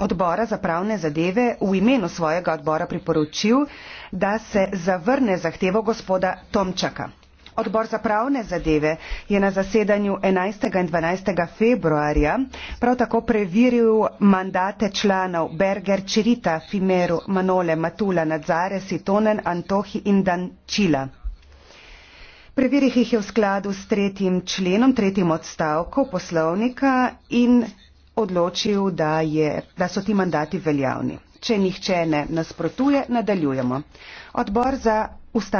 odbora za pravne zadeve v imenu svojega odbora priporočil, da se zavrne zahtevo gospoda Tomčaka. Odbor za pravne zadeve je na zasedanju 11. in 12. februarja prav tako preveril mandate članov Berger, Čirita, Fimeru, Manole, Matula, Nadzare, Sitonen, Antohi in Dančila. Preveril jih je v skladu s tretjim členom, tretjim odstavkom poslovnika in odločil, da, je, da so ti mandati veljavni. Če nihče ne nasprotuje, nadaljujemo. Odbor za ustavljanje.